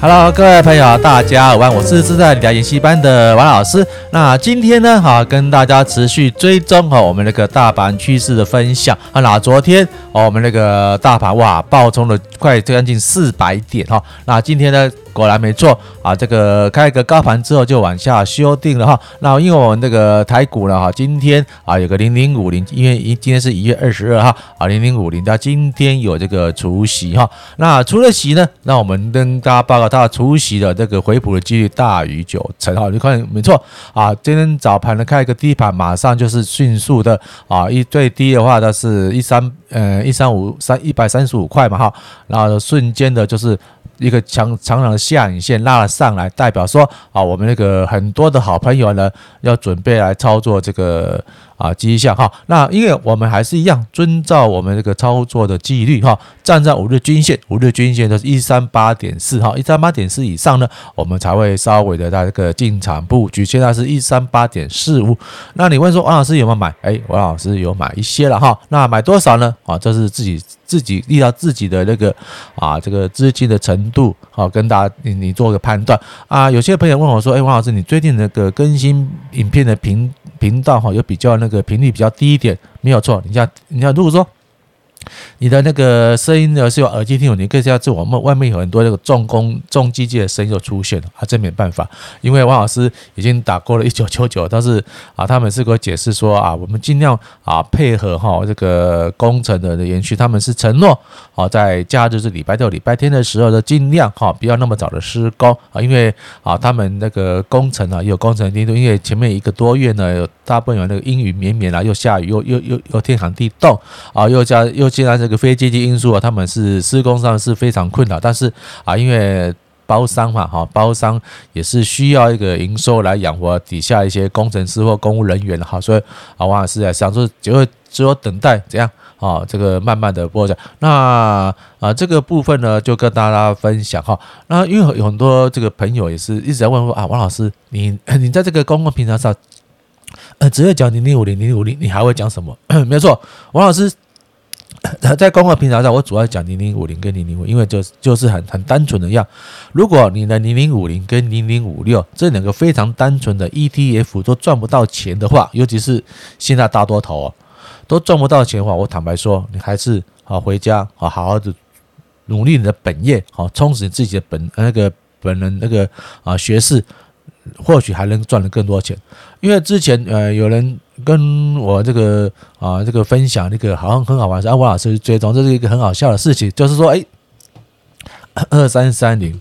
Hello，各位朋友，大家好，我是自在理財研習班的王老師。那今天呢，哈、啊、跟大家持續追蹤哈、啊、我們那個大盤趨勢的分享。那、啊啊、昨天、啊、我們那個大盤哇，爆衝了快將近四百點哈。那、啊啊、今天呢？果然沒錯啊，這個開一個高盤之後就往下修訂了哈。那因為我們這個台股呢哈，今天啊有個零零五零，因為一今天是一月二十二號啊，零零五零到今天有這個除息哈。那除了息呢，那我們跟大家報告它除息的這個回補的幾率大於九成哈。你看沒錯啊，今天早盤呢開一個低盤，馬上就是迅速的啊，一最低的話它是一三。呃，一三五三一百三十五塊嘛哈，然後瞬間的就是一個長長長的下影線拉了上來，代表說啊，我們那個很多的好朋友呢要準備來操作這個啊跡象哈。那因為我們還是一樣遵照我們這個操作的紀律哈，站在五日均線，五日均線都是一三八點四哈，一三八點四以上呢，我們才會稍微的在這個進場布局。現在是一三八點四五。那你問說王老師有沒有買？哎，王老師有買一些了哈。那買多少呢？啊，這是自己自己立到自己的那個啊，這個資金的程度，好、啊，跟大家你你做個判斷啊。有些朋友問我說：“哎，王老師，你最近那個更新影片的頻頻道，哈，有比較那個頻率比較低一點。”沒有錯，你像你像如果說。你的那個聲音呢，是有耳機聽，你更加是自我們外面有很多這個重工重機械的聲音又出現了，啊，這沒辦法，因為王老師已經打過了一九九九。但是啊，他們是給我解釋說啊，我們儘量啊配合哈、啊、這個工程的延續，他們是承諾啊在假日是禮拜六、禮拜天的時候呢儘量哈、啊、不要那麼早的施工啊，因為啊他們那個工程呢、啊、有工程進度，因為前面一個多月呢有大部分有那個陰雨綿綿啊，又下雨又又又又天寒地凍啊，又加又。現在這個非經濟因素啊，他們是施工上是非常困難，但是啊，因為包商嘛，哈，包商也是需要一個營收來養活底下一些工程師或公務人員哈，所以啊，王老師啊，想說，就會只有等待怎樣啊，這個慢慢的播講。那啊，這個部分呢，就跟大家分享哈。那因為有很多這個朋友也是一直在問我啊，王老師，你你在這個公共平台上，呃，只會講零零五零零五零，你還會講什麼？沒錯，王老師。在公共平台上，我主要講零零五零跟零零五，因為就就是很很單純的樣。如果你的零零五零跟零零五六這兩個非常單純的 ETF 都賺不到錢的話，尤其是現在大多頭啊都賺不到錢的話，我坦白說，你還是好回家好好的努力你的本業，好充實你自己的本那個本人那個啊學識，或許還能賺得更多錢。因為之前呃有人。跟我這個啊，這個分享那個好像很好玩，是阿王老師追蹤這是一個很好笑的事情，就是說，哎，二三三零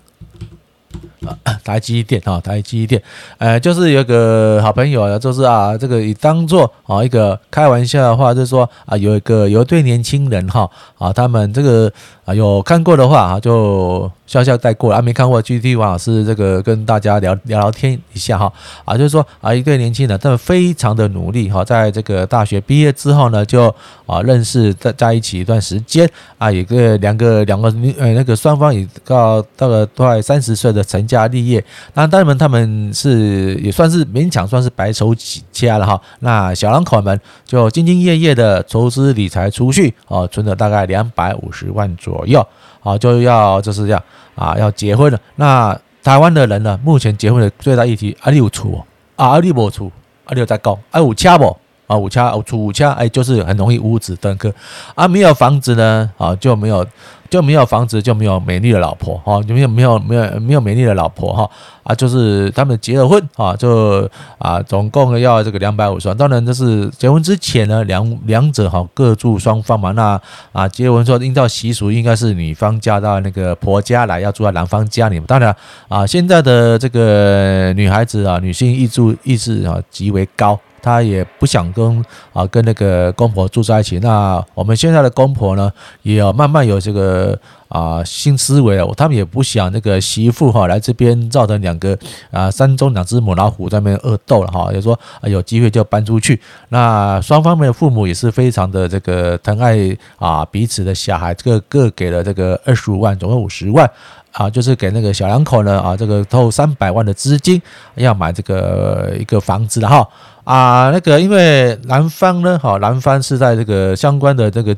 啊，台積電啊，台積電，呃，就是有個好朋友啊，就是啊，這個以當做啊一個開玩笑的話，就是說啊，有一個有一對年輕人哈啊，啊，他們這個啊有看過的話啊就。笑笑帶過了啊，沒看過，具體王老師這個跟大家聊聊聊天一下哈啊，就是說啊一對年輕人，他們非常的努力哈，在這個大學畢業之後呢，就啊認識在在一起一段時間啊，有個，兩個兩個呃那個雙方也到到了快三十歲的成家立業，那當然們他們是也算是勉強算是白手起家了哈，那小兩口們就兢兢業業的投資理財儲蓄啊，存了大概兩百五十萬左右啊，就要就是這樣。啊，要結婚了。那台灣的人呢、啊？目前結婚的最大議題，啊,你有啊你有，你有厝啊，你無厝，你有在講，啊？有車無。啊，五哦，出五千，哎，就是很容易五子登科，啊，沒有房子呢，啊，就沒有，就沒有房子就沒有美麗的老婆，哈，就沒有沒有沒有沒有美麗的老婆，哈，啊，就是他們結了婚，啊，就啊，總共要這個兩百五十萬，當然這是結婚之前呢，兩兩者哈各住雙方嘛，那啊結婚說按照習俗應該是女方嫁到那個婆家來要住在男方家裡，當然啊現在的這個女孩子啊，女性意識意識啊極為高。他也不想跟啊跟那個公婆住在一起。那我們現在的公婆呢，也、要、慢慢有這個啊新思維了，他們也不想那個媳婦哈、哦、來這邊造成兩個啊山中兩隻母老虎在那邊惡鬥了哈。就說有機會就搬出去。那雙方面的父母也是非常的這個疼愛啊彼此的小孩，這個各給了這個二十五萬，總共五十萬啊，就是給那個小兩口呢啊這個湊三百萬的資金要買這個一個房子哈、哦。啊，那個，因為男方呢，好，男方是在這個相關的這個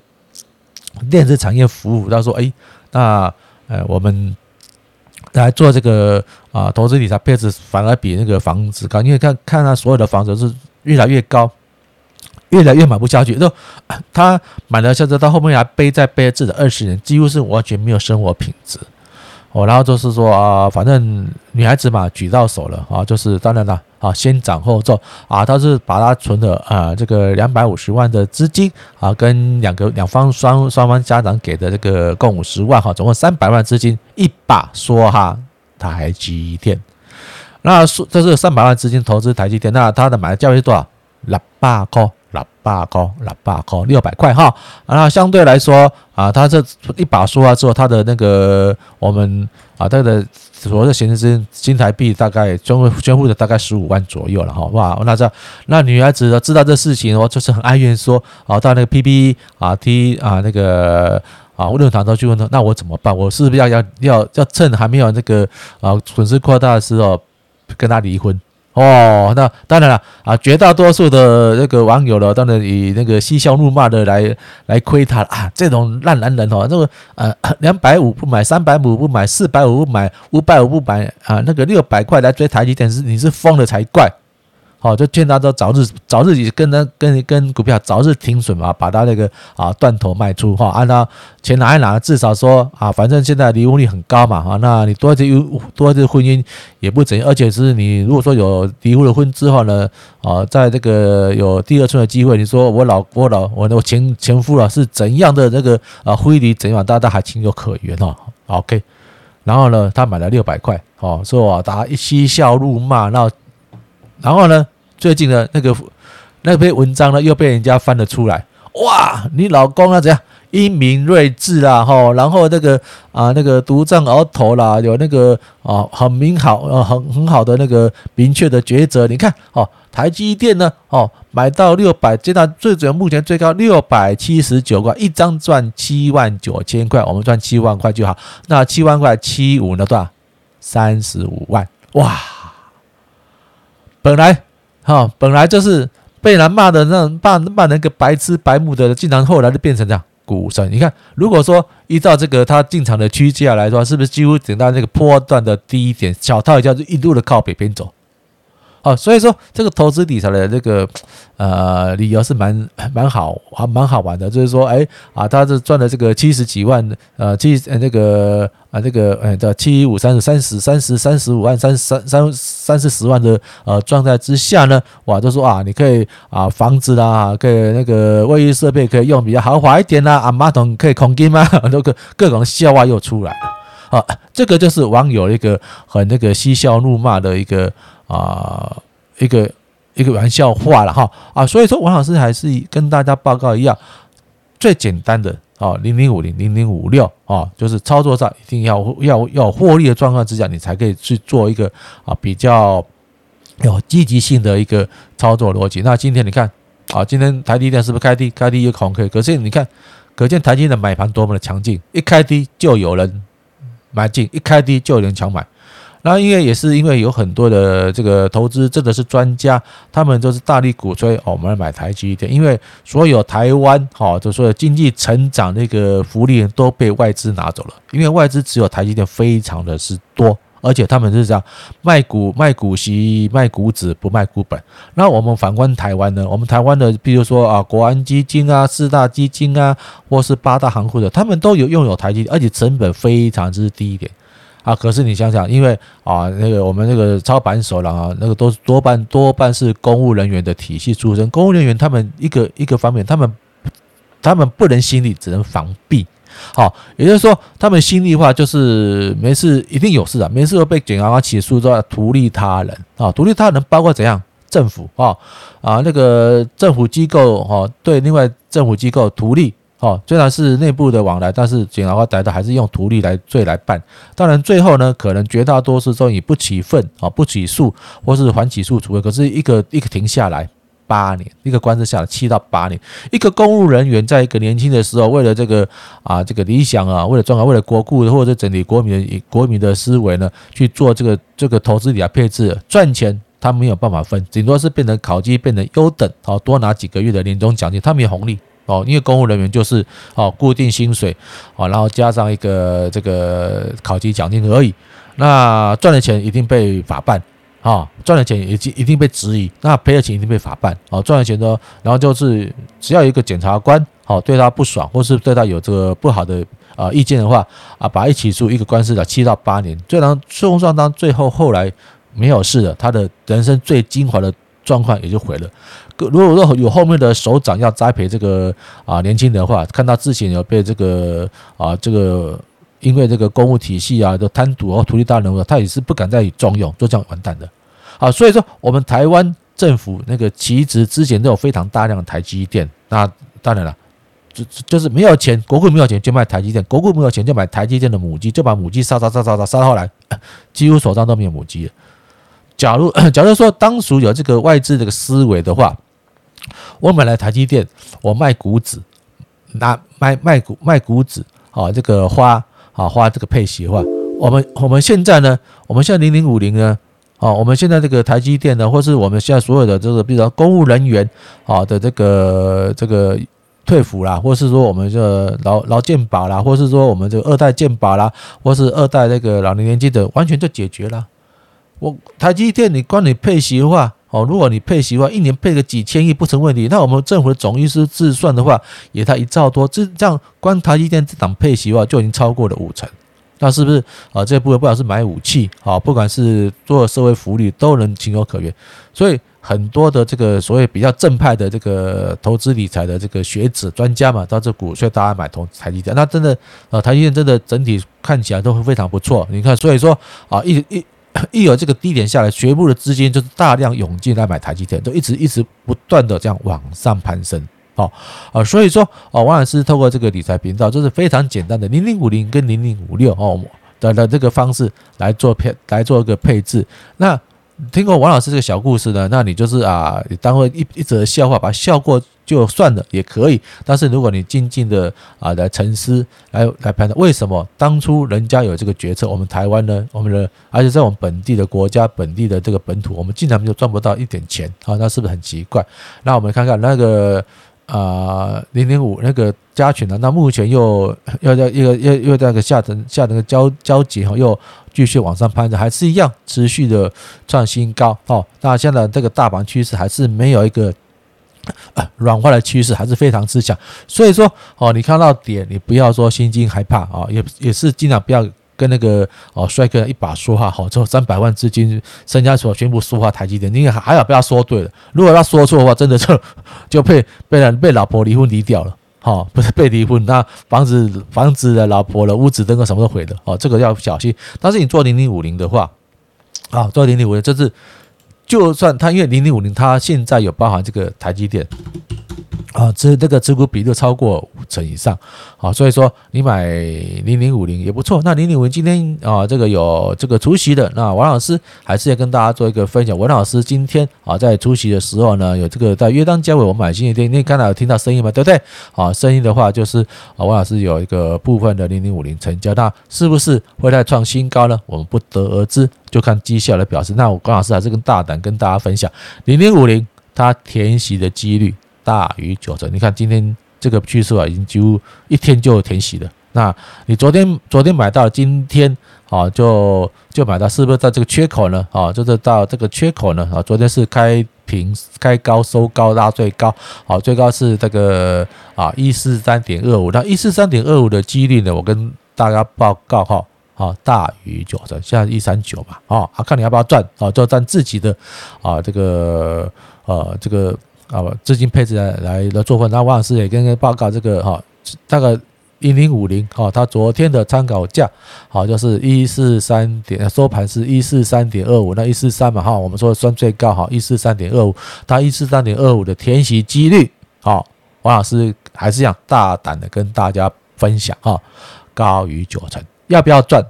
電子產業服務。他說，哎，那，呃，我們來做這個啊，投資理財配置反而比那個房子高，因為看看、啊、他所有的房子是越來越高，越來越買不下去。就他買了下來，到後面還背在背了的二十年，幾乎是完全沒有生活品質。哦，然後就是說啊，反正女孩子嘛，舉到手了啊，就是當然了、啊。啊，先斬後奏啊！他是把他存的啊，這個兩百五十萬的資金啊，跟兩個兩方雙雙方家長給的這個共五十萬哈、啊，總共三百萬資金一把梭哈台積電。那說這是三百萬資金投資台積電，那他的買的價位是多少？六百塊。喇叭高，喇叭高六百塊哈，那相對來說啊，他這一把輸了之後，他的那個我們啊，他的所謂的閒置金新台幣大概捐布捐布了大概十五萬左右了好不好？哇，那這樣，那女孩子知道這事情，哦，就是很哀怨說啊，到那個 P T 啊 T 啊那個啊論壇都去問他，那我怎麼辦？我是不是要要要要趁還沒有那個啊損失擴大的時候跟他離婚？哦，那當然了啊，絕大多數的那個網友了，當然以那個嬉笑怒罵的來來虧他了啊，這種爛男人哦，那個呃，兩百五不買，三百五不買，四百五不買，五百五不買啊，那個六百塊來追台積電，是你是瘋了才怪。好，就勸他都早日早日跟那跟跟股票早日停損嘛，把他那個啊斷頭賣出哈，按照錢拿一拿，至少說啊，反正現在離婚率很高嘛啊，那你多結多結婚姻也不怎樣，而且是你如果說有離婚的婚之後呢，啊，在這個有第二春的機會，你說我老我老我我前前夫了、啊、是怎樣的那個啊揮離怎樣，大家還情有可原哦、啊、，OK，然後呢，他買了六百塊，哦，說我打一嬉笑怒罵，然後。然後呢，最近呢，那個那篇文章呢，又被人家翻了出來。哇，你老公啊，怎樣英明睿智啊？吼，然後那個啊，那個獨占鰲頭啦，有那個啊，很明好呃，很很好的那個明確的抉擇。你看哦，台積電呢，哦，買到六百，接到最準目前最高六百七十九塊一張，賺七萬九千塊，我們賺七萬塊就好。那七萬塊七五呢，多少？三十五萬哇！本來哈、哦，本來就是被人罵的，讓人罵，罵人個白痴白目的竟然後來就變成這樣股神。你看，如果說依照這個他進場的區間來說，是不是幾乎等到那個波段的低點，小套一下就一路的靠北邊走？哦，所以說這個投資理財的這個呃理由，是蠻蠻好，還蠻好玩的。就是說，誒啊，他是賺了這個七十幾萬，呃七、哎、那個啊這個呃、哎、叫七五三十三十三十三十五萬三三三三四十萬的呃狀態之下呢，哇，就說啊，你可以啊房子啦，可以那個衛浴設備可以用比較豪華一點啦，啊馬桶可以空間嘛，都各各種笑話又出來。啊，這個就是網友一個很那個嬉笑怒罵的一個啊，一個一個玩笑話了哈啊，所以說王老師還是跟大家報告一樣，最簡單的啊，零零五零零零五六啊，就是操作上一定要要要獲利的狀況之下，你才可以去做一個啊比較有積極性的一個操作邏輯。那今天你看啊，今天台積電是不是開低？開低又紅 K，可，可是你看，可見台積電的買盤多麼的強勁，一開低就有人。買進，一開低就有人搶買，那因為也是因為有很多的這個投資真的是專家，他們都是大力鼓吹哦，我們來買台積電，因為所有台灣哈，就所有經濟成長那個福利人都被外資拿走了，因為外資持有台積電非常的是多。而且他們是這樣賣股、賣股息、賣股指，不賣股本。那我們反觀台灣呢？我們台灣的，比如說啊，國安基金啊、四大基金啊，或是八大行庫的，他們都有擁有台積，而且成本非常之低一點。啊，可是你想想，因為啊，那個我們那個操盤手了啊，那個都是多半多半是公務人員的體系出身，公務人員他們一個一個方面，他們他們不能興利，只能防弊。好，也就是說，他們心裡話就是沒事，一定有事啊。沒事被檢察官起訴都要圖利他人啊，圖利他人包括怎樣政府啊啊，那個政府機構哈，對另外政府機構圖利啊。雖然是內部的往來，但是檢察官逮到還是用圖利來罪來辦。當然最後呢，可能絕大多數都以不起憤啊不起訴或是緩起訴處分，可是一個一個停下來。八年，一個官司下來七到八年，一個公務人員在一個年輕的時候，為了這個啊這個理想啊，為了賺啊，為了國庫，或者整體國民，以國民的思維呢，去做這個這個投資理財配置賺錢，他沒有辦法分，頂多是變成考績，變成優等好，哦，多拿幾個月的年終獎金，他沒有紅利哦，因為公務人員就是哦固定薪水哦，然後加上一個這個考績獎金而已，那賺的錢一定被法辦。啊，賺了錢已經一定被質疑，那賠了錢一定被法辦。啊，賺了錢呢，然後就是只要一個檢察官，哦，對他不爽或是對他有這個不好的啊意見的話，啊，把他一起訴，一個官司打七到八年。雖然就算當最後後來沒有事的，他的人生最精華的狀況也就毀了。如果說有後面的首長要栽培這個啊年輕人的話，看到自己有被這個啊這個。因為這個公務體系啊，都貪瀆哦，土地大人物、啊、他也是不敢再以重用，就這樣完蛋的啊。所以說，我們台灣政府那個其實之前都有非常大量的台積電，那當然了，就就是沒有錢，國庫沒有錢就賣台積電，國庫沒有錢就買台積電的母雞，就把母雞殺殺殺殺殺殺後來，幾乎手上都沒有母雞。假如假如說當時有這個外資這個思維的話，我買了台積電，我賣股子，拿賣賣股賣股子啊，這個花。啊，花這個配息的話，我們我們現在呢，我們現在零零五零呢，啊，我們現在這個台積電呢，或是我們現在所有的這個，比如說公務人員啊的這個這個退撫啦，或是說我們這勞勞健保啦，或是說我們這個二代健保啦，或是二代那個老年年金的，完全就解決了。我台積電，你光你配息的話。哦，如果你配息的話，一年配個幾千億不成問題。那我們政府的總預算自算的話，也才一兆多。這這樣，光台積電這檔配息的話，就已經超過了五成。那是不是啊？這部分不管是買武器，啊，不管是做社會福利，都能情有可原。所以很多的這個所謂比較正派的這個投資理財的這個學者專家嘛，到這股所以大家買同台台積電，那真的啊，台積電真的整體看起來都非常不錯。你看，所以說啊，一一。一有這個低點下來，全部的資金就是大量湧進來買台積電，都一直一直不斷的這樣往上攀升，哦啊，所以說哦，王老師透過這個理財頻道，就是非常簡單的零零五零跟零零五六哦的的這個方式來做配來做一個配置，那。聽過王老師這個小故事呢，那你就是啊，你當會一一則笑話，把笑過就算了也可以。但是如果你靜靜的啊來沉思，來來判斷為什麼當初人家有這個決策，我們台灣呢，我們的、啊、而且在我們本地的國家、本地的這個本土，我們竟然就賺不到一點錢啊，那是不是很奇怪？那我們看看那個。啊，零零五那個加權的，那目前又要要一個又又在個下層下那個交交集哈，又繼續往上攀的，還是一樣持續的創新高哦。那現在這個大盤趨勢還是沒有一個軟化的趨勢，還是非常之強。所以說哦，你看到點，你不要說心驚害怕啊，也也是盡量不要。跟那個哦，帥哥一把梭哈好，之後三百萬資金身家所全部梭哈台積電，你還要被他說對了。如果他說錯的話，真的就就被被人被老婆離婚，離掉了，哈，不是被離婚，那房子房子的老婆的屋子燈個什麼都毀了，哦，這個要小心。但是你做零零五零的話，啊，做零零五零，這是就算他因為零零五零，他現在有包含這個台積電，啊，這個持股比例就超過。成以上，好，所以說你買零零五零也不錯。那零零五零今天啊，這個有這個除息的，那王老師還是要跟大家做一個分享。王老師今天啊，在除息的時候呢，有這個在約當交尾，我們買新一天，你剛才有聽到聲音嗎？對不對？啊，聲音的話就是啊，王老師有一個部分的零零五零成交，那是不是會再創新高呢？我們不得而知，就看績效來表示。那我王老師還是跟大膽跟大家分享，零零五零它填息的幾率大於九成。你看今天。這個趨勢啊，已經幾乎一天就填息了。那你昨天昨天買到今天啊，就就買到是不是在這個缺口呢？啊，就是到這個缺口呢啊。昨天是開平開高收高拉最高，啊，最高是這個啊一四三點二五。那一四三點二五的幾率呢？我跟大家報告哈，啊大於九成，現在一三九吧。啊，看你要不要賺啊，就賺自己的啊這個啊，這個。啊，資金配置來來來做分。那王老師也跟跟報告這個哈，大概零零五零哈，它昨天的參考價好就是一四三點，收盤是一四三點二五，那一四三嘛哈，我們說算最高哈，一四三點二五，它一四三點二五的填息幾率，好，王老師還是想大膽的跟大家分享哈，高於九成，要不要賺？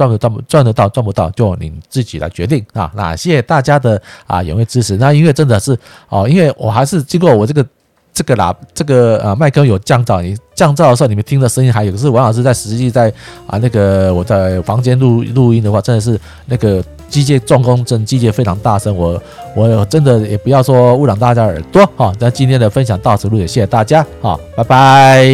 賺不賺不賺得到賺不到，就你自己來決定啊！那謝謝大家的啊踴躍支持。那因為真的是哦，因為我還是經過我這個這個喇這個啊，麥克風有降噪，你降噪的時候你們聽的聲音還有。可是王老師在實際在啊那個我在房間錄錄音的話，真的是那個機械狀況真機械非常大聲，我我真的也不要說汙染大家耳朵哈、哦。那今天的分享到此結也謝謝大家，好，拜拜。